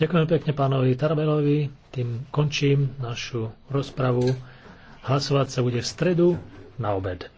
Ďakujem pekne pánovi Tarabelovi, tým končím našu rozpravu. Hlasovať sa bude v stredu na obed.